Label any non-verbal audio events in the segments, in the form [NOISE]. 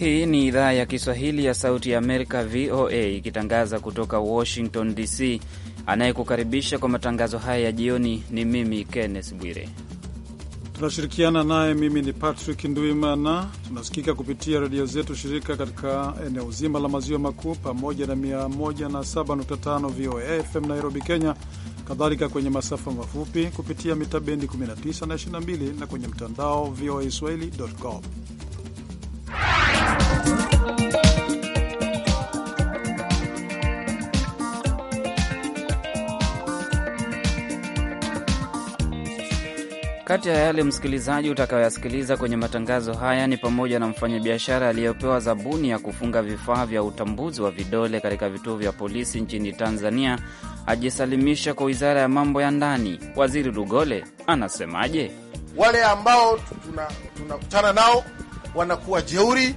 Hii ni idhaa ya Kiswahili ya Sauti ya Amerika, VOA, ikitangaza kutoka Washington DC. Anayekukaribisha kwa matangazo haya ya jioni ni mimi Kenneth Bwire. Tunashirikiana naye mimi ni Patrick nduimana Tunasikika kupitia redio zetu shirika katika eneo zima la maziwa makuu pamoja na 107.5 VOA FM Nairobi, Kenya, kadhalika kwenye masafa mafupi kupitia mita bendi 19 na 22 na kwenye mtandao voa swahili.com. Kati ya yale msikilizaji utakayoyasikiliza kwenye matangazo haya ni pamoja na mfanyabiashara aliyopewa zabuni ya kufunga vifaa vya utambuzi wa vidole katika vituo vya polisi nchini Tanzania ajisalimisha kwa wizara ya mambo ya ndani. Waziri Lugole anasemaje? Wale ambao tunakutana tuna nao wanakuwa jeuri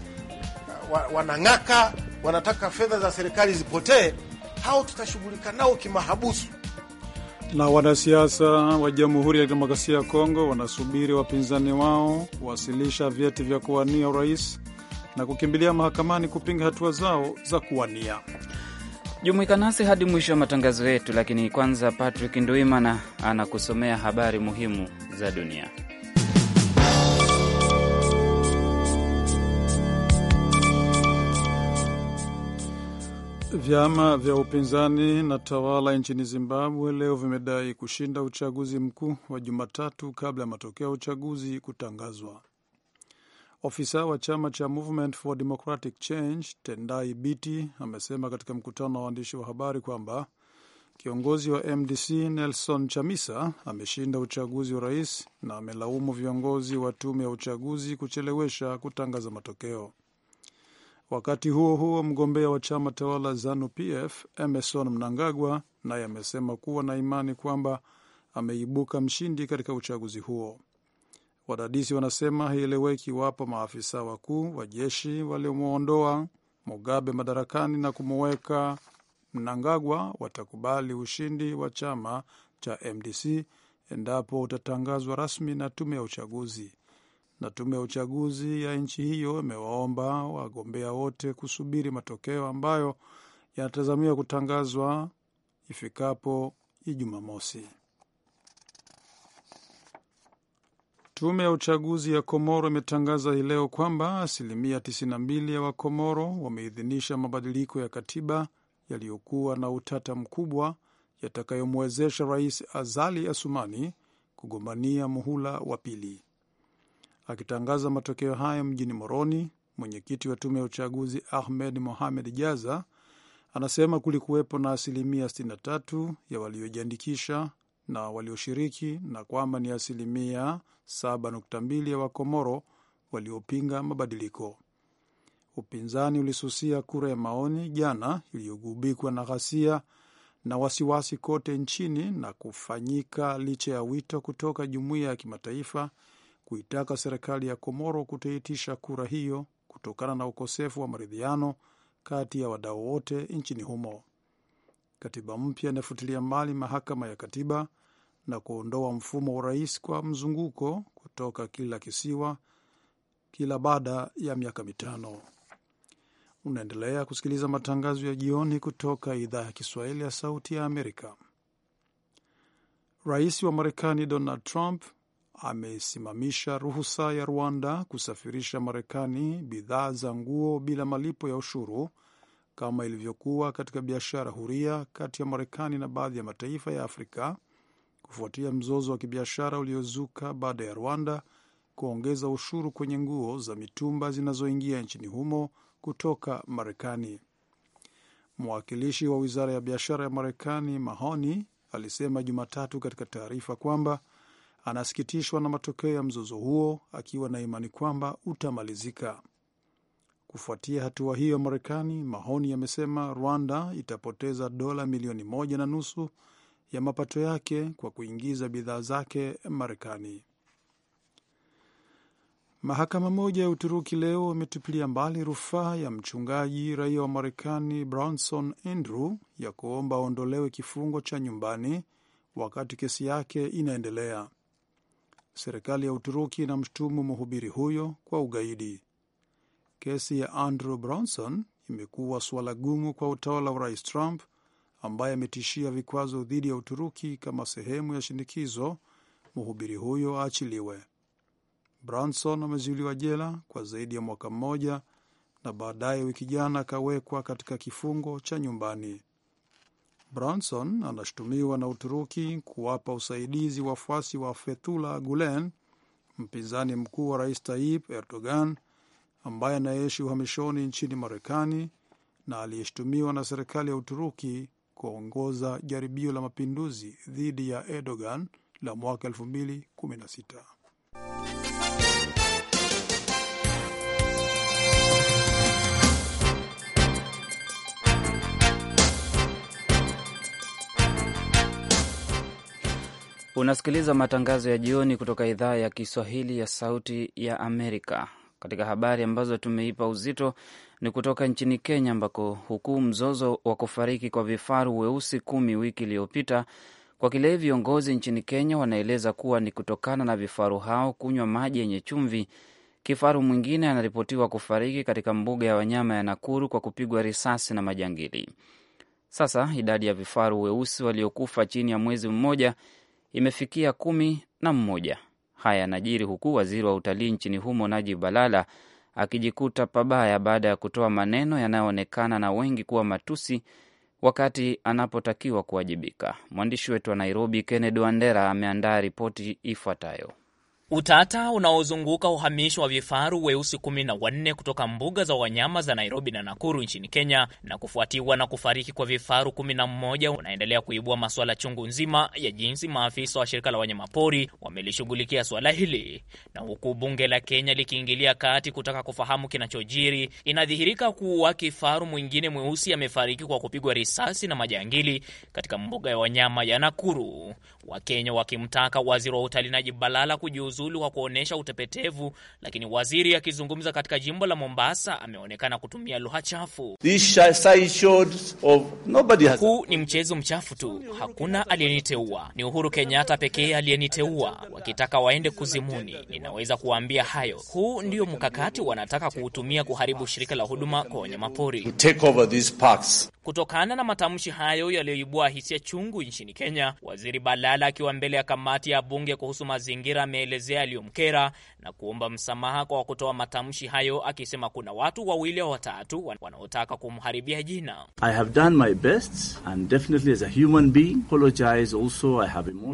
wa, wanang'aka wanataka fedha za serikali zipotee, hao tutashughulika nao kimahabusu. Na wanasiasa wa Jamhuri ya Kidemokrasia ya Kongo wanasubiri wapinzani wao kuwasilisha vyeti vya kuwania urais na kukimbilia mahakamani kupinga hatua zao za kuwania. Jumuika nasi hadi mwisho wa matangazo yetu, lakini kwanza Patrick Ndwimana anakusomea habari muhimu za dunia. Vyama vya upinzani na tawala nchini Zimbabwe leo vimedai kushinda uchaguzi mkuu wa Jumatatu kabla ya matokeo ya uchaguzi kutangazwa. Ofisa wa chama cha Movement for Democratic Change Tendai Biti amesema katika mkutano wa waandishi wa habari kwamba kiongozi wa MDC Nelson Chamisa ameshinda uchaguzi wa rais na amelaumu viongozi wa tume ya uchaguzi kuchelewesha kutangaza matokeo. Wakati huo huo, mgombea wa chama tawala ZANU-PF Emerson Mnangagwa naye amesema kuwa na imani kwamba ameibuka mshindi katika uchaguzi huo. Wadadisi wanasema haieleweki iwapo maafisa wakuu wa jeshi waliomwondoa Mugabe madarakani na kumuweka Mnangagwa watakubali ushindi wa chama cha MDC endapo utatangazwa rasmi na tume ya uchaguzi na tume ya uchaguzi ya nchi hiyo imewaomba wagombea wote kusubiri matokeo ambayo yanatazamiwa kutangazwa ifikapo Ijumaa mosi. Tume ya uchaguzi ya Komoro imetangaza hii leo kwamba asilimia 92 ya Wakomoro wameidhinisha mabadiliko ya katiba yaliyokuwa na utata mkubwa yatakayomwezesha Rais Azali Asumani kugombania muhula wa pili. Akitangaza matokeo hayo mjini Moroni, mwenyekiti wa tume ya uchaguzi Ahmed Mohamed Jaza anasema kulikuwepo na asilimia 63 ya waliojiandikisha na walioshiriki na kwamba ni asilimia 7.2 ya Wakomoro waliopinga mabadiliko. Upinzani ulisusia kura ya maoni jana iliyogubikwa na ghasia na wasiwasi kote nchini na kufanyika licha ya wito kutoka jumuiya ya kimataifa kuitaka serikali ya Komoro kutoitisha kura hiyo kutokana na ukosefu wa maridhiano kati ya wadau wote nchini humo. Katiba mpya inafutilia mbali mahakama ya katiba na kuondoa mfumo wa urais kwa mzunguko kutoka kila kisiwa kila baada ya miaka mitano. Unaendelea kusikiliza matangazo ya jioni kutoka idhaa ya Kiswahili ya Sauti ya Amerika. Rais wa Marekani Donald Trump amesimamisha ruhusa ya Rwanda kusafirisha Marekani bidhaa za nguo bila malipo ya ushuru kama ilivyokuwa katika biashara huria kati ya Marekani na baadhi ya mataifa ya Afrika kufuatia mzozo wa kibiashara uliozuka baada ya Rwanda kuongeza ushuru kwenye nguo za mitumba zinazoingia nchini humo kutoka Marekani. Mwakilishi wa wizara ya biashara ya Marekani Mahoni alisema Jumatatu katika taarifa kwamba anasikitishwa na matokeo ya mzozo huo akiwa na imani kwamba utamalizika. Kufuatia hatua hiyo Marekani, Mahoni yamesema Rwanda itapoteza dola milioni moja na nusu ya mapato yake kwa kuingiza bidhaa zake Marekani. Mahakama moja ya Uturuki leo imetupilia mbali rufaa ya mchungaji raia wa Marekani Bronson Andrew ya kuomba aondolewe kifungo cha nyumbani wakati kesi yake inaendelea. Serikali ya Uturuki inamshutumu mhubiri huyo kwa ugaidi. Kesi ya Andrew Bronson imekuwa suala gumu kwa utawala wa Rais Trump ambaye ametishia vikwazo dhidi ya Uturuki kama sehemu ya shinikizo mhubiri huyo aachiliwe. Branson amezuiliwa jela kwa zaidi ya mwaka mmoja na baadaye wiki jana akawekwa katika kifungo cha nyumbani. Branson anashutumiwa na Uturuki kuwapa usaidizi wafuasi wa Fethullah Gulen, mpinzani mkuu wa rais Tayyip Erdogan ambaye anaishi uhamishoni nchini Marekani na aliyeshutumiwa na serikali ya Uturuki kuongoza jaribio la mapinduzi dhidi ya Erdogan la mwaka 2016. Unasikiliza matangazo ya jioni kutoka idhaa ya Kiswahili ya Sauti ya Amerika. Katika habari ambazo tumeipa uzito ni kutoka nchini Kenya, ambako huku mzozo wa kufariki kwa vifaru weusi kumi wiki iliyopita, kwa kile viongozi nchini Kenya wanaeleza kuwa ni kutokana na vifaru hao kunywa maji yenye chumvi. Kifaru mwingine anaripotiwa kufariki katika mbuga ya wanyama ya Nakuru kwa kupigwa risasi na majangili. Sasa idadi ya vifaru weusi waliokufa chini ya mwezi mmoja imefikia kumi na mmoja. Haya yanajiri huku waziri wa utalii nchini humo Najib Balala akijikuta pabaya baada ya kutoa maneno yanayoonekana na wengi kuwa matusi wakati anapotakiwa kuwajibika. Mwandishi wetu wa Nairobi, Kennedy Wandera, ameandaa ripoti ifuatayo. Utata unaozunguka uhamisho wa vifaru weusi kumi na wanne kutoka mbuga za wanyama za Nairobi na Nakuru nchini Kenya na kufuatiwa na kufariki kwa vifaru kumi na mmoja unaendelea kuibua masuala chungu nzima ya jinsi maafisa wa shirika la wanyamapori wamelishughulikia suala hili, na huku bunge la Kenya likiingilia kati kutaka kufahamu kinachojiri, inadhihirika kuwa kifaru mwingine mweusi amefariki kwa kupigwa risasi na majangili katika mbuga ya wanyama ya Nakuru, Wakenya wakimtaka waziri wa utalii Najib Balala kujiuzulu Magufuli kwa kuonyesha utepetevu, lakini waziri akizungumza katika jimbo la Mombasa ameonekana kutumia lugha chafu. Huu ni mchezo mchafu tu, hakuna aliyeniteua, ni Uhuru Kenyatta pekee aliyeniteua. Wakitaka waende kuzimuni, ninaweza kuwaambia hayo. Huu ndio mkakati wanataka kuutumia kuharibu shirika la huduma kwa wanyamapori. Kutokana na matamshi hayo yaliyoibua hisia chungu nchini Kenya, waziri Balala akiwa mbele ya kamati ya bunge kuhusu mazingira ameeleza kuelezea yaliyomkera na kuomba msamaha kwa kutoa matamshi hayo, akisema kuna watu wawili au watatu wanaotaka kumharibia jina.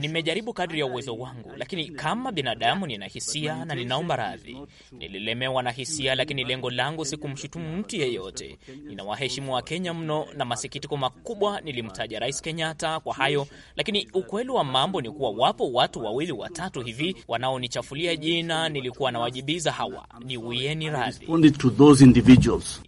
Nimejaribu kadri ya uwezo wangu, lakini kama binadamu nina hisia na ninaomba radhi. Nililemewa na hisia, lakini lengo langu si kumshutumu mtu yeyote. Ninawaheshimu wa Kenya mno, na masikitiko makubwa nilimtaja Rais Kenyatta kwa hayo, lakini ukweli wa mambo ni kuwa wapo watu wawili watatu hivi wanao mnaonichafulia jina nilikuwa nawajibiza hawa, ni wieni radhi.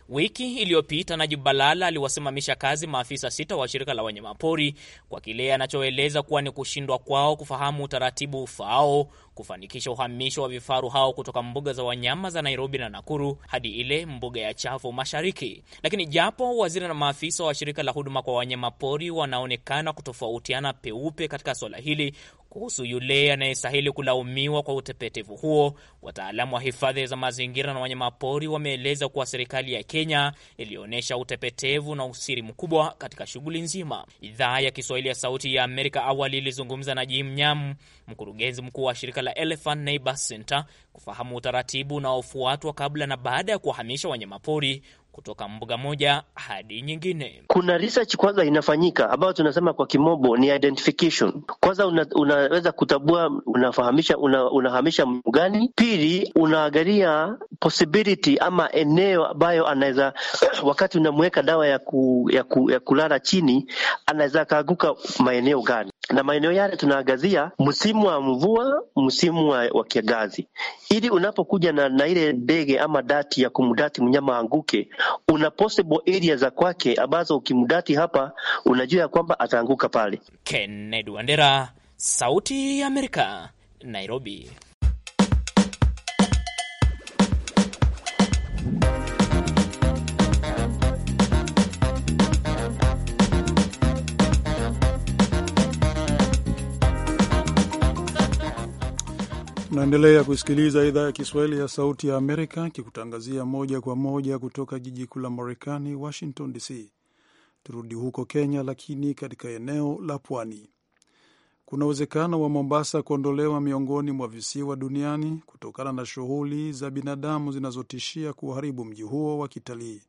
Wiki iliyopita Najib Balala aliwasimamisha kazi maafisa sita wa shirika la wanyamapori kwa kile anachoeleza kuwa ni kushindwa kwao kufahamu utaratibu ufaao kufanikisha uhamisho wa vifaru hao kutoka mbuga za wanyama za Nairobi na Nakuru hadi ile mbuga ya chafu Mashariki. Lakini japo waziri na maafisa wa shirika la huduma kwa wanyamapori wanaonekana kutofautiana peupe katika swala hili kuhusu yule anayestahili kulaumiwa kwa utepetevu huo, wataalamu wa hifadhi za mazingira na wanyamapori wameeleza kuwa serikali ya Kenya ilionyesha utepetevu na usiri mkubwa katika shughuli nzima. Idhaa ya Kiswahili ya Sauti ya Amerika awali ilizungumza na Jim Nyam, mkurugenzi mkuu wa shirika shirika la Elephant Neighbor Center kufahamu utaratibu unaofuatwa kabla na baada ya kuwahamisha wanyamapori kutoka mbuga moja hadi nyingine. Kuna research kwanza inafanyika ambayo tunasema kwa kimombo ni identification. Kwanza una, unaweza kutabua unafahamisha una, unahamisha mnyama gani. Pili unaangalia possibility ama eneo ambayo anaweza [CLEARS THROAT] wakati unamweka dawa ya, ku, ya, ku, ya kulala chini anaweza akaanguka maeneo gani na maeneo yale tunaangazia msimu wa mvua, msimu wa, wa kiangazi, ili unapokuja na, na ile ndege ama dati ya kumdati mnyama anguke, una possible area za kwake ambazo ukimdati hapa unajua ya kwamba ataanguka pale. Kennedy Wandera, Sauti ya Amerika, Nairobi. Unaendelea kusikiliza idhaa ya Kiswahili ya Sauti ya Amerika kikutangazia moja kwa moja kutoka jiji kuu la Marekani, Washington DC. Turudi huko Kenya, lakini katika eneo la pwani kuna uwezekano wa Mombasa kuondolewa miongoni mwa visiwa duniani kutokana na shughuli za binadamu zinazotishia kuharibu mji huo wa kitalii.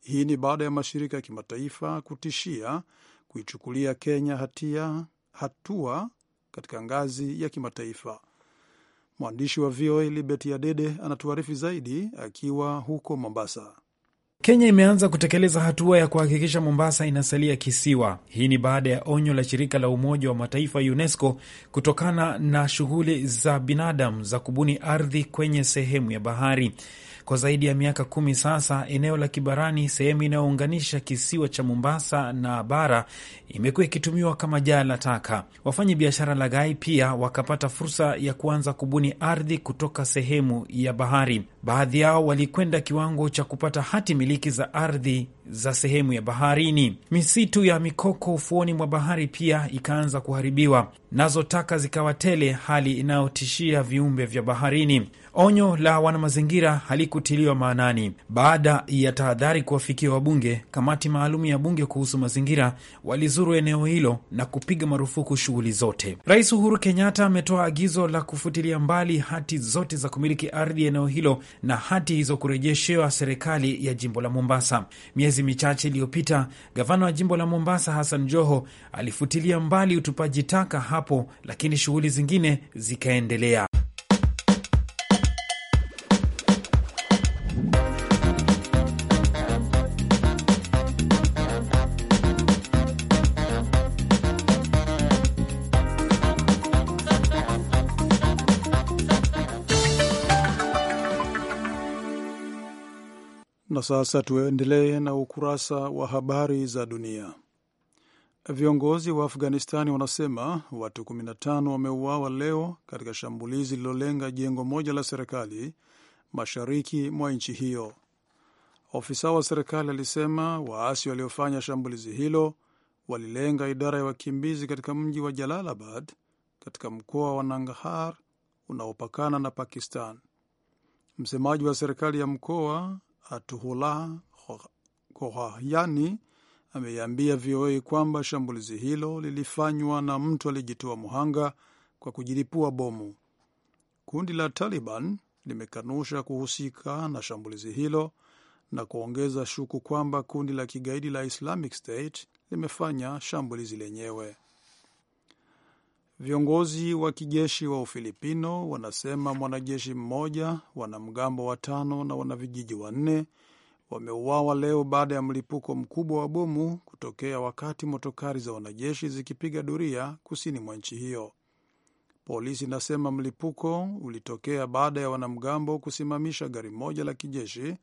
Hii ni baada ya mashirika ya kimataifa kutishia kuichukulia Kenya hatia hatua katika ngazi ya kimataifa. Mwandishi wa VOA liberti Adede anatuarifu zaidi akiwa huko Mombasa. Kenya imeanza kutekeleza hatua ya kuhakikisha Mombasa inasalia kisiwa. Hii ni baada ya onyo la shirika la Umoja wa Mataifa UNESCO kutokana na shughuli za binadamu za kubuni ardhi kwenye sehemu ya bahari. Kwa zaidi ya miaka kumi sasa, eneo la Kibarani, sehemu inayounganisha kisiwa cha Mombasa na bara, imekuwa ikitumiwa kama jaa la taka. Wafanya biashara gai pia wakapata fursa ya kuanza kubuni ardhi kutoka sehemu ya bahari. Baadhi yao walikwenda kiwango cha kupata hati miliki za ardhi za sehemu ya baharini. Misitu ya mikoko ufuoni mwa bahari pia ikaanza kuharibiwa, nazo taka zikawa tele, hali inayotishia viumbe vya baharini. Onyo la wanamazingira haliku kutiliwa maanani baada ya tahadhari kuwafikia wabunge. Kamati maalum ya bunge kuhusu mazingira walizuru eneo hilo na kupiga marufuku shughuli zote. Rais Uhuru Kenyatta ametoa agizo la kufutilia mbali hati zote za kumiliki ardhi eneo hilo na hati hizo kurejeshewa serikali ya jimbo la Mombasa. Miezi michache iliyopita, gavana wa jimbo la Mombasa Hassan Joho alifutilia mbali utupaji taka hapo, lakini shughuli zingine zikaendelea. Na sasa tuendelee na ukurasa wa habari za dunia. Viongozi wa Afghanistani wanasema watu 15 wameuawa leo katika shambulizi lililolenga jengo moja la serikali mashariki mwa nchi hiyo. Ofisa wa serikali alisema waasi waliofanya shambulizi hilo walilenga idara ya wakimbizi katika mji wa Jalalabad katika mkoa wa Nangarhar unaopakana na Pakistan. Msemaji wa serikali ya mkoa Fatuhullah Kohaiyani ameiambia VOA kwamba shambulizi hilo lilifanywa na mtu aliyejitoa muhanga kwa kujilipua bomu. Kundi la Taliban limekanusha kuhusika na shambulizi hilo na kuongeza shuku kwamba kundi la kigaidi la Islamic State limefanya shambulizi lenyewe. Viongozi wa kijeshi wa Ufilipino wanasema mwanajeshi mmoja, wanamgambo watano na wanavijiji wanne wameuawa leo baada ya mlipuko mkubwa wa bomu kutokea wakati motokari za wanajeshi zikipiga doria kusini mwa nchi hiyo. Polisi inasema mlipuko ulitokea baada ya wanamgambo kusimamisha gari moja la kijeshi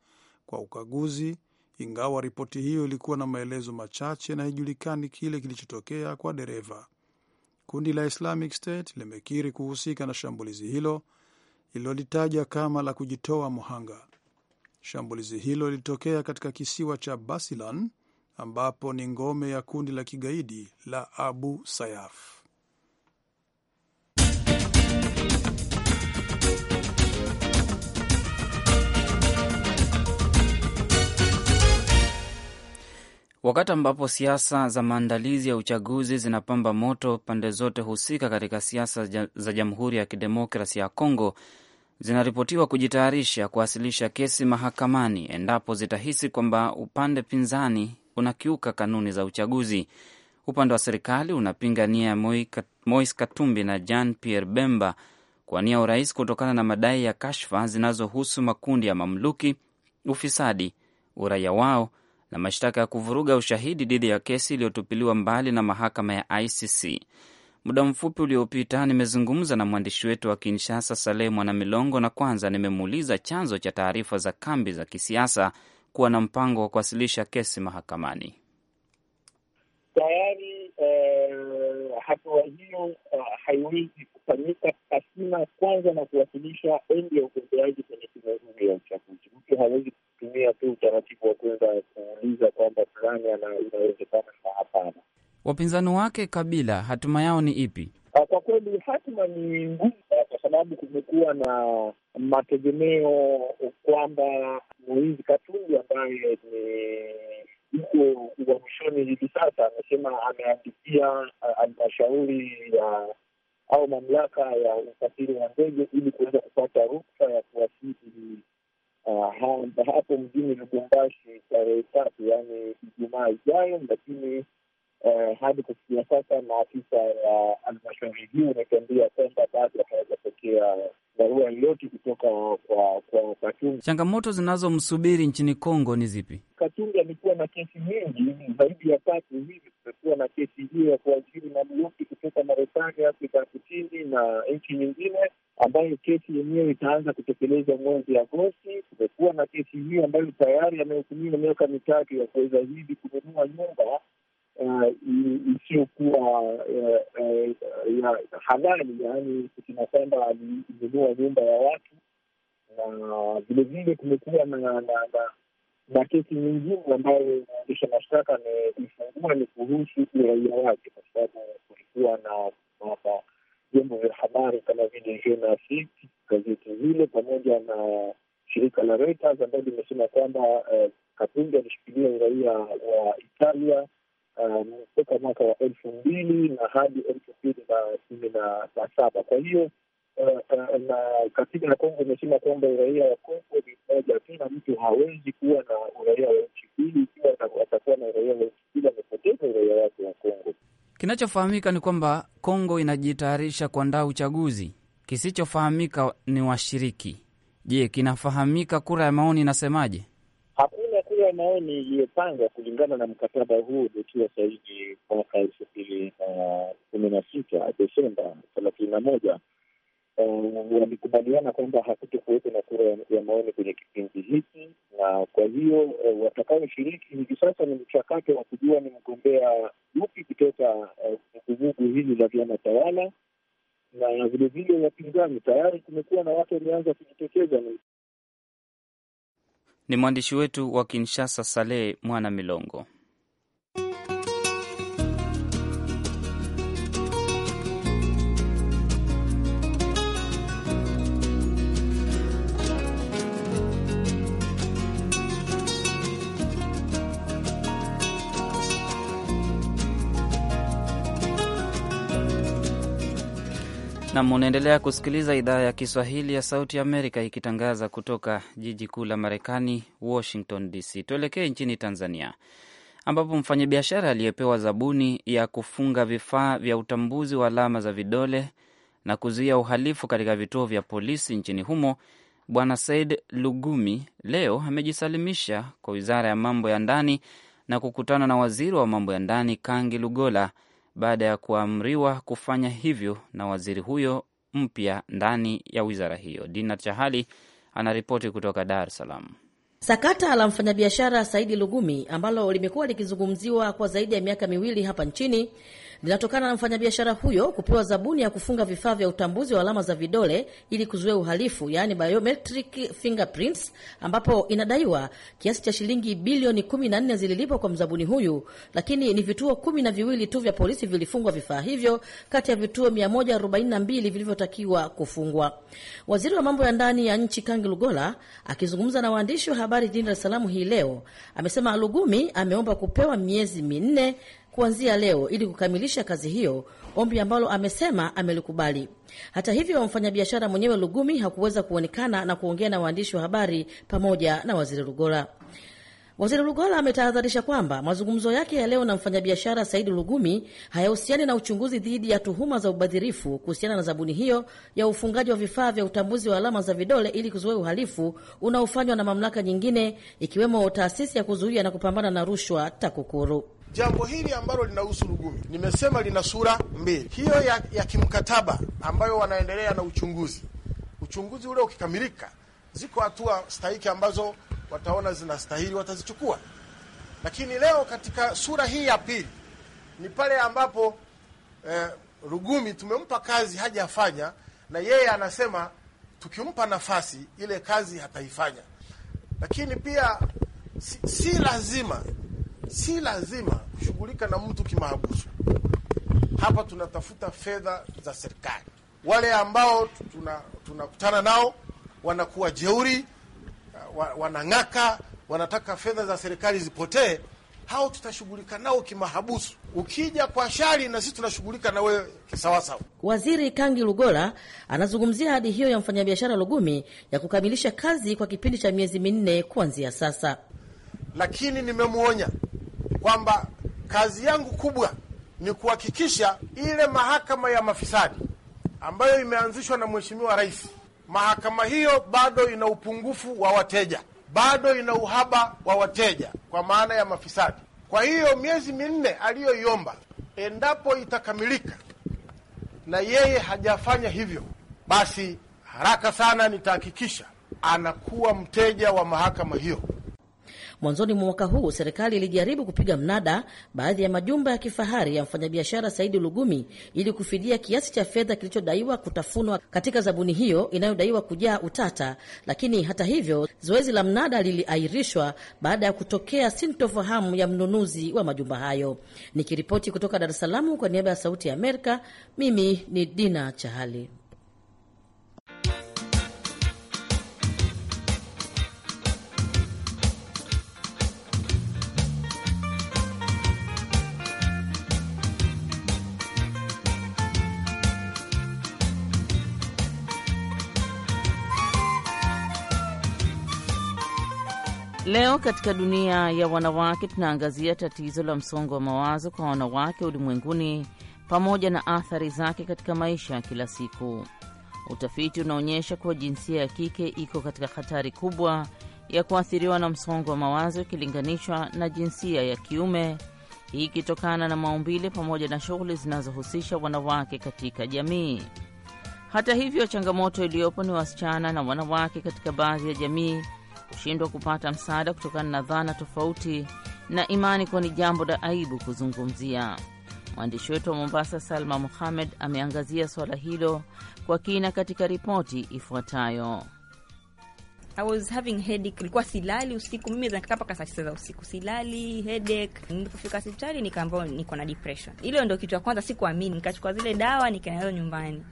kwa ukaguzi, ingawa ripoti hiyo ilikuwa na maelezo machache na haijulikani kile kilichotokea kwa dereva. Kundi la Islamic State limekiri kuhusika na shambulizi hilo lililolitaja kama la kujitoa mhanga. Shambulizi hilo lilitokea katika kisiwa cha Basilan ambapo ni ngome ya kundi la kigaidi la Abu Sayyaf. Wakati ambapo siasa za maandalizi ya uchaguzi zinapamba moto, pande zote husika katika siasa za Jamhuri ya Kidemokrasi ya congo zinaripotiwa kujitayarisha kuwasilisha kesi mahakamani endapo zitahisi kwamba upande pinzani unakiuka kanuni za uchaguzi. Upande wa serikali unapinga nia ya Mois Katumbi na Jean Pierre Bemba kuwania urais kutokana na madai ya kashfa zinazohusu makundi ya mamluki, ufisadi, uraia wao na mashtaka ya kuvuruga ushahidi dhidi ya kesi iliyotupiliwa mbali na mahakama ya ICC. Muda mfupi uliopita nimezungumza na mwandishi wetu wa Kinshasa, Saleh Mwanamilongo, na kwanza nimemuuliza chanzo cha taarifa za kambi za kisiasa kuwa na mpango wa kuwasilisha kesi mahakamani. Tayari eh, hatua hiyo eh, haiwezi kufanyika pasina kwanza na kuwasilisha endi ya ugombeaji kwenye tume huru ya uchaguzi. Mtu hawezi kutumia tu utaratibu wa kuweza kuuliza kwamba fulani inawezekana na hapana. Wapinzani wake Kabila, hatima yao ni ipi? Ah, kwa kweli hatima ni ngumu, kwa sababu kumekuwa na mategemeo kwamba Moizi Katumbi ambaye ni yuko uhamishoni hivi sasa amesema ameandikia ah, halmashauri ya au mamlaka ya usafiri wa ndege ili kuweza kupata ruksa ya kuwasili Ah, hapo mjini Lubumbashi tarehe tatu, yaani Ijumaa ijayo, lakini eh, hadi kufikia sasa maafisa ya halmashauri hii wametuambia kwamba bado hawajapokea barua yoyote kutoka kwa Katunga. Changamoto zinazomsubiri nchini Kongo ni zipi? Katunga amekuwa na kesi nyingi zaidi ya tatu hivi. Tumekuwa na kesi hiyo ya kuajiri maburuki kutoka Marekani, Afrika ya Kusini na nchi nyingine ambayo kesi yenyewe itaanza kutekelezwa mwezi Agosti. Kumekuwa na kesi hiyo ambayo tayari amehukumiwa miaka mitatu ya kuweza hivi kununua nyumba uh, isiyokuwa uh, uh, ya halali, yaani alinunua nyumba ya watu, na vilevile kumekuwa na, na, na na kesi nyingine ambayo mwendesha mashtaka ameifungua ni kuhusu uraia wake, kwa sababu kulikuwa na vyombo vya habari kama vile gazeti zile pamoja na shirika la Reuters ambayo limesema kwamba eh, alishikilia uraia wa Italia eh, toka uh, mwaka wa elfu mbili na hadi elfu mbili na kumi na saba. Kwa hiyo uh, uh, na katiba ya Kongo imesema kwamba uraia wa Kongo ni mmoja tu, na mtu hawezi kuwa na uraia wa nchi mbili. Ikiwa atakuwa na uraia wa nchi mbili, amepoteza uraia wake wa Kongo. Kinachofahamika ni kwamba Kongo inajitayarisha kuandaa uchaguzi. Kisichofahamika ni washiriki. Je, kinafahamika kura ya maoni inasemaje? Hakuna kura ya maoni iliyopangwa kulingana na mkataba huu uliotiwa sahihi mwaka elfu mbili na kumi na sita Desemba thelathini na moja Eh, walikubaliana kwamba hakuto kuwepo na kura ya maoni kwenye kipindi hiki, na kwa hiyo eh, watakaoshiriki hivi sasa ni mchakato wa kujua ni mgombea yupi kutoka eh, vuguvugu hili la vyama tawala na vilevile wapinzani. Tayari kumekuwa na watu wameanza kujitokeza. Ni mwandishi wetu wa Kinshasa, Saleh Mwana Milongo. Nam, unaendelea kusikiliza idhaa ya Kiswahili ya Sauti ya Amerika ikitangaza kutoka jiji kuu la Marekani, Washington DC. Tuelekee nchini Tanzania ambapo mfanyabiashara aliyepewa zabuni ya kufunga vifaa vya utambuzi wa alama za vidole na kuzuia uhalifu katika vituo vya polisi nchini humo, Bwana Said Lugumi leo amejisalimisha kwa Wizara ya Mambo ya Ndani na kukutana na Waziri wa Mambo ya Ndani Kangi Lugola baada ya kuamriwa kufanya hivyo na waziri huyo mpya ndani ya wizara hiyo. Dina Chahali anaripoti kutoka Dar es Salaam. Sakata la mfanyabiashara Saidi Lugumi ambalo limekuwa likizungumziwa kwa zaidi ya miaka miwili hapa nchini linatokana na mfanyabiashara huyo kupewa zabuni ya kufunga vifaa vya utambuzi wa alama za vidole ili kuzuia uhalifu, yaani biometric fingerprints, ambapo inadaiwa kiasi cha shilingi bilioni kumi na nne zililipwa kwa mzabuni huyu, lakini ni vituo kumi na viwili tu vya polisi vilifungwa vifaa hivyo kati ya vituo 142 vilivyotakiwa kufungwa. Waziri wa mambo ya ndani ya nchi Kangi Lugola akizungumza na waandishi wa habari jijini Dar es Salaam hii leo amesema Lugumi ameomba kupewa miezi minne kuanzia leo ili kukamilisha kazi hiyo, ombi ambalo amesema amelikubali. Hata hivyo, mfanyabiashara mwenyewe Lugumi hakuweza kuonekana na kuongea na waandishi wa habari pamoja na Waziri Lugola. Waziri Lugola ametahadharisha kwamba mazungumzo yake ya leo na mfanyabiashara Saidi Lugumi hayahusiani na uchunguzi dhidi ya tuhuma za ubadhirifu kuhusiana na zabuni hiyo ya ufungaji wa vifaa vya utambuzi wa alama za vidole ili kuzuia uhalifu unaofanywa na mamlaka nyingine ikiwemo taasisi ya kuzuia na kupambana na rushwa TAKUKURU. Jambo hili ambalo linahusu Lugumi, nimesema lina sura mbili, hiyo ya, ya kimkataba ambayo wanaendelea na uchunguzi. Uchunguzi ule ukikamilika, ziko hatua stahiki ambazo wataona zinastahili, watazichukua. Lakini leo katika sura hii ya pili ni pale ambapo eh, Lugumi tumempa kazi hajafanya, na yeye anasema tukimpa nafasi ile kazi hataifanya. Lakini pia si, si lazima si lazima kushughulika na mtu kimahabusu Hapa tunatafuta fedha za serikali. Wale ambao tunakutana tuna nao wanakuwa jeuri, wanang'aka, wanataka fedha za serikali zipotee. Hao tutashughulika nao kimahabusu. Ukija kwa shari, na sisi tunashughulika na wewe kisawasawa. Waziri Kangi Lugola anazungumzia hadi hiyo ya mfanyabiashara Lugumi ya kukamilisha kazi kwa kipindi cha miezi minne kuanzia sasa, lakini nimemwonya kwamba kazi yangu kubwa ni kuhakikisha ile mahakama ya mafisadi ambayo imeanzishwa na Mheshimiwa Rais, mahakama hiyo bado ina upungufu wa wateja, bado ina uhaba wa wateja kwa maana ya mafisadi. Kwa hiyo miezi minne aliyoiomba, endapo itakamilika na yeye hajafanya hivyo, basi haraka sana nitahakikisha anakuwa mteja wa mahakama hiyo. Mwanzoni mwa mwaka huu serikali ilijaribu kupiga mnada baadhi ya majumba ya kifahari ya mfanyabiashara Saidi Lugumi ili kufidia kiasi cha fedha kilichodaiwa kutafunwa katika zabuni hiyo inayodaiwa kujaa utata. Lakini hata hivyo, zoezi la mnada liliahirishwa baada ya kutokea sintofahamu ya mnunuzi wa majumba hayo. Nikiripoti kutoka Dar es Salaam kwa niaba ya Sauti ya Amerika, mimi ni Dina Chahali. Leo katika dunia ya wanawake tunaangazia tatizo la msongo wa mawazo kwa wanawake ulimwenguni pamoja na athari zake katika maisha ya kila siku. Utafiti unaonyesha kuwa jinsia ya kike iko katika hatari kubwa ya kuathiriwa na msongo wa mawazo ikilinganishwa na jinsia ya kiume, hii ikitokana na maumbile pamoja na shughuli zinazohusisha wanawake katika jamii. Hata hivyo, changamoto iliyopo ni wasichana na wanawake katika baadhi ya jamii kushindwa kupata msaada kutokana na dhana tofauti na imani kuwa ni jambo la aibu kuzungumzia. Mwandishi wetu wa Mombasa, Salma Muhamed, ameangazia suala hilo kwa kina katika ripoti ifuatayo. I was having headache, silali usiku, mimi nakaa mpaka saa tisa za usiku silali, headache. Nilipofika hospitali nikaambiwa niko na depression. ndo ndio kitu ya kwanza, sikuamini. Nikachukua zile dawa nikaenda nyumbani.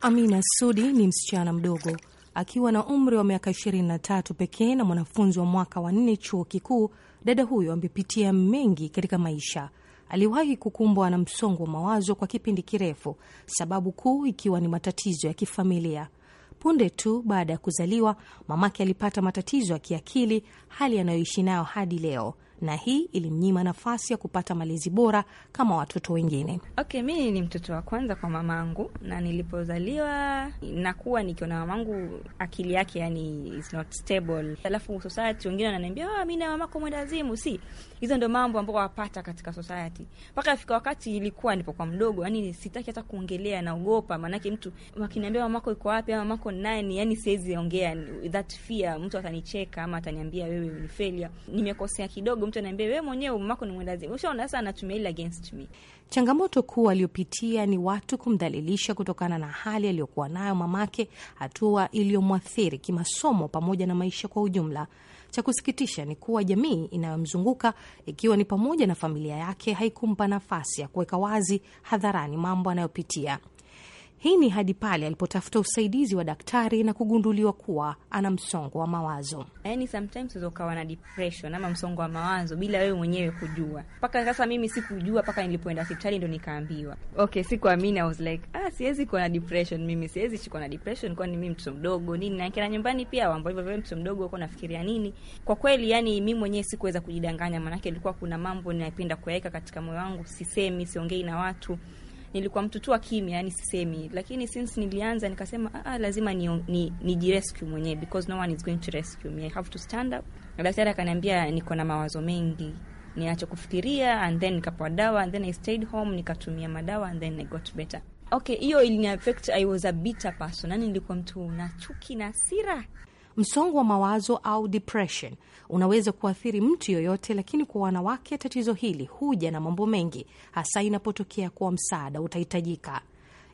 Amina Sudi ni msichana mdogo akiwa na umri wa miaka tatu pekee na mwanafunzi wa mwaka wa nne chuo kikuu. Dada huyo amepitia mengi katika maisha. Aliwahi kukumbwa na msongo wa mawazo kwa kipindi kirefu, sababu kuu ikiwa ni matatizo ya kifamilia. Punde tu baada ya kuzaliwa, mamake alipata matatizo ya kiakili, hali anayoishi nayo hadi leo na hii ilimnyima nafasi ya kupata malezi bora kama watoto wengine. Okay, mi ni mtoto wa kwanza kwa mamangu, na nilipozaliwa nakuwa nikiona mamangu akili yake yani is not stable, alafu society wengine wananiambia oh, mi na mamako mwendazimu. Si hizo ndo mambo ambao wapata katika society mpaka afika wakati ilikuwa nipokuwa mdogo, yani sitaki hata kuongelea, naogopa. Maanake mtu akiniambia mamako iko wapi ama mamako nani, yani siwezi ongea that fear, mtu atanicheka ama ataniambia wewe ni failure, nimekosea kidogo kidogo, mtu anaambia wewe mwenyewe mamako ni mwendazimu, ushaona. Sasa anatumia ile against me. Changamoto kuu aliyopitia ni watu kumdhalilisha kutokana na hali aliyokuwa nayo mamake, hatua iliyomwathiri kimasomo pamoja na maisha kwa ujumla. Cha kusikitisha ni kuwa jamii inayomzunguka ikiwa ni pamoja na familia yake haikumpa nafasi ya kuweka wazi hadharani mambo anayopitia. Hii ni hadi pale alipotafuta usaidizi wa daktari na kugunduliwa kuwa ana msongo wa mawazo. Yani sometimes unaweza ukawa na depression ama msongo wa mawazo bila wewe mwenyewe kujua. Mpaka sasa mimi sikujua, mpaka nilipoenda hospitali ndo nikaambiwa. Okay, sikuamini. I was like ah, siwezi kuwa na depression mimi, siwezi kuwa na depression, kwani mimi mtoto mdogo nini, na kila nyumbani pia wambo hivyo, wewe mtoto mdogo uko nafikiria nini? Kwa kweli, yani mimi mwenyewe sikuweza kujidanganya, maanake ilikuwa kuna mambo ninapenda kuyaweka katika moyo wangu, sisemi, siongei na watu nilikuwa mtu tu wa kimya, yani sisemi, lakini since nilianza nikasema ah, ah lazima ni, ni, nijirescue mwenyewe because no one is going to rescue me, I have to stand up. Daktari akaniambia niko na mawazo mengi niache kufikiria, and then nikapewa dawa, and then I stayed home nikatumia madawa, and then I got better. Okay, hiyo iliniaffect. I was a bitter person, yani nilikuwa mtu na chuki na hasira Msongo wa mawazo au depression unaweza kuathiri mtu yoyote, lakini kwa wanawake tatizo hili huja na mambo mengi, hasa inapotokea kuwa msaada utahitajika.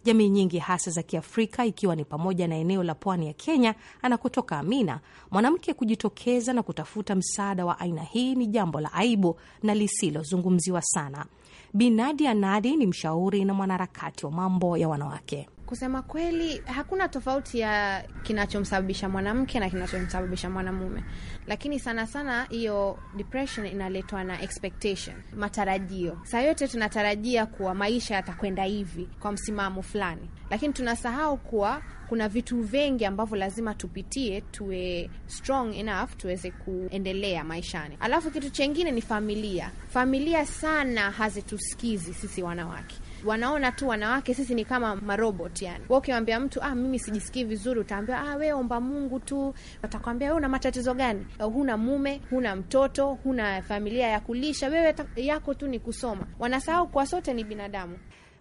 Jamii nyingi hasa za Kiafrika, ikiwa ni pamoja na eneo la pwani ya Kenya anakotoka Amina, mwanamke kujitokeza na kutafuta msaada wa aina hii ni jambo la aibu na lisilozungumziwa sana. binadi Nadia Nadi ni mshauri na mwanaharakati wa mambo ya wanawake kusema kweli hakuna tofauti ya kinachomsababisha mwanamke na kinachomsababisha mwanamume, lakini sana sana hiyo depression inaletwa na expectation, matarajio. Saa yote tunatarajia kuwa maisha yatakwenda hivi kwa msimamo fulani, lakini tunasahau kuwa kuna vitu vingi ambavyo lazima tupitie tuwe strong enough tuweze kuendelea maishani. Alafu kitu chengine ni familia. Familia sana hazitusikizi sisi wanawake wanaona tu wanawake sisi ni kama marobot yani. Wewe ukiwaambia mtu ah, mimi sijisikii vizuri, utaambia ah, wewe omba Mungu tu. Watakwambia wewe una matatizo gani? Ah, huna mume, huna mtoto, huna familia ya kulisha, wewe yako tu ni kusoma. Wanasahau kwa sote ni binadamu.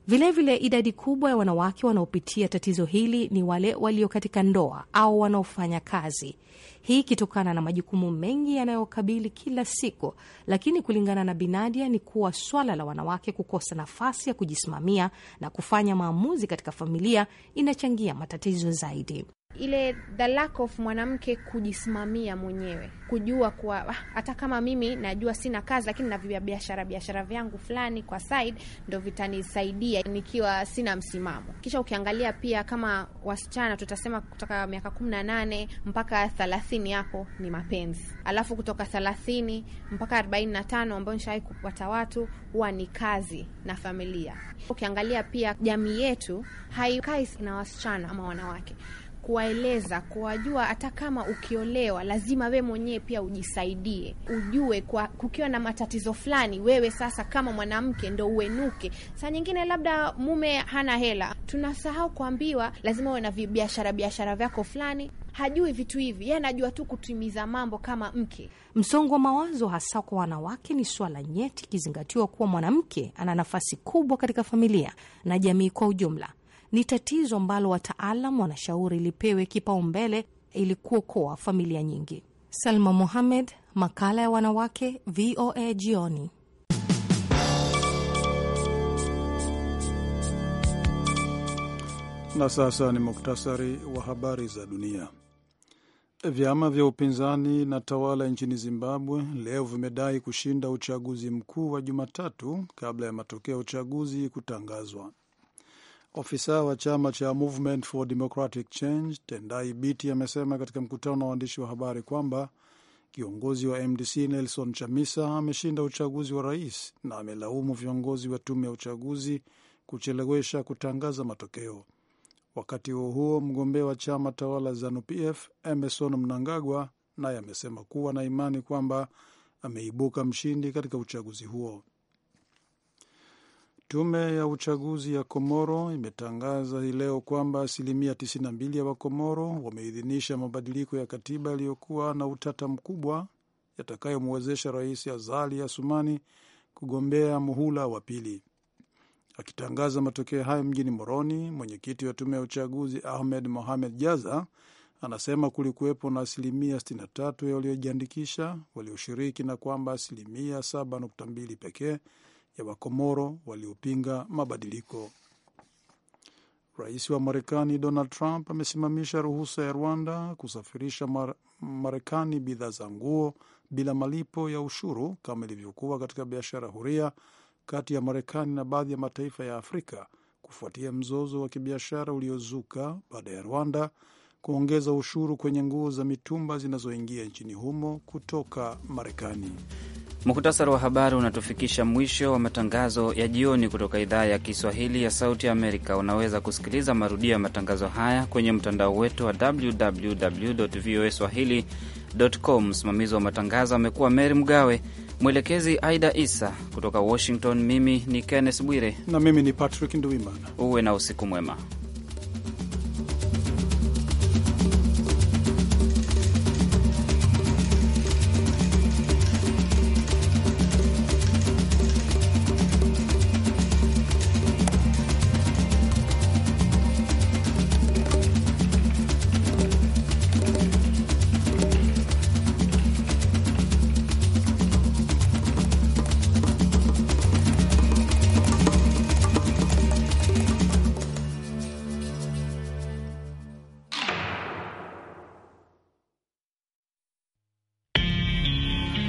Vilevile, idadi kubwa ya wanawake wanaopitia tatizo hili ni wale walio katika ndoa au wanaofanya kazi hii ikitokana na majukumu mengi yanayokabili kila siku. Lakini kulingana na Binadia ni kuwa swala la wanawake kukosa nafasi ya kujisimamia na kufanya maamuzi katika familia inachangia matatizo zaidi ile the lack of mwanamke kujisimamia mwenyewe, kujua kuwa ah, hata kama mimi najua sina kazi, lakini navia biashara biashara vyangu fulani kwa side ndo vitanisaidia nikiwa sina msimamo. Kisha ukiangalia pia kama wasichana tutasema kutoka miaka kumi na nane mpaka thelathini hapo ni mapenzi, alafu kutoka thelathini mpaka arobaini na tano ambayo nishawahi kupata watu huwa ni kazi na familia. Ukiangalia pia jamii yetu haikai na wasichana ama wanawake kuwaeleza, kuwajua. Hata kama ukiolewa, lazima we mwenyewe pia ujisaidie, ujue kwa kukiwa na matatizo fulani, wewe sasa kama mwanamke ndo uenuke. Saa nyingine labda mume hana hela, tunasahau kuambiwa lazima uwe na vibiashara biashara vyako fulani hajui vitu hivi, yeye anajua tu kutimiza mambo kama mke. Msongo wa mawazo hasa kwa wanawake ni swala nyeti, ikizingatiwa kuwa mwanamke ana nafasi kubwa katika familia na jamii kwa ujumla ni tatizo ambalo wataalam wanashauri lipewe kipaumbele ili kuokoa familia nyingi. Salma Mohamed, makala ya wanawake, VOA jioni. Na sasa ni muktasari wa habari za dunia. Vyama vya upinzani na tawala nchini Zimbabwe leo vimedai kushinda uchaguzi mkuu wa Jumatatu kabla ya matokeo ya uchaguzi kutangazwa. Ofisa wa chama cha Movement for Democratic Change Tendai Biti amesema katika mkutano na waandishi wa habari kwamba kiongozi wa MDC Nelson Chamisa ameshinda uchaguzi wa rais na amelaumu viongozi wa tume ya uchaguzi kuchelewesha kutangaza matokeo. Wakati huo huo, mgombea wa chama tawala ZANUPF Emerson Mnangagwa naye amesema kuwa na imani kwamba ameibuka mshindi katika uchaguzi huo. Tume ya uchaguzi ya Komoro imetangaza hii leo kwamba asilimia 92 ya Wakomoro wameidhinisha mabadiliko ya katiba yaliyokuwa na utata mkubwa yatakayomwezesha Rais Azali Asumani kugombea muhula wa pili. Akitangaza matokeo hayo mjini Moroni, mwenyekiti wa tume ya uchaguzi Ahmed Mohamed Jaza anasema kulikuwepo na asilimia 63 ya waliojiandikisha walioshiriki na kwamba asilimia 7.2 pekee ya Wakomoro waliopinga mabadiliko. Rais wa Marekani Donald Trump amesimamisha ruhusa ya Rwanda kusafirisha mar Marekani bidhaa za nguo bila malipo ya ushuru kama ilivyokuwa katika biashara huria kati ya Marekani na baadhi ya mataifa ya Afrika kufuatia mzozo wa kibiashara uliozuka baada ya Rwanda kuongeza ushuru kwenye nguo za mitumba zinazoingia nchini humo kutoka Marekani. Muktasari wa habari unatufikisha mwisho wa matangazo ya jioni kutoka idhaa ya Kiswahili ya Sauti Amerika. Unaweza kusikiliza marudio ya matangazo haya kwenye mtandao wetu wa www voa swahili.com. Msimamizi wa matangazo amekuwa Meri Mgawe, mwelekezi Aida Isa. Kutoka Washington, mimi ni Kenneth Bwire na mimi ni Patrick Nduimana. Uwe na usiku mwema.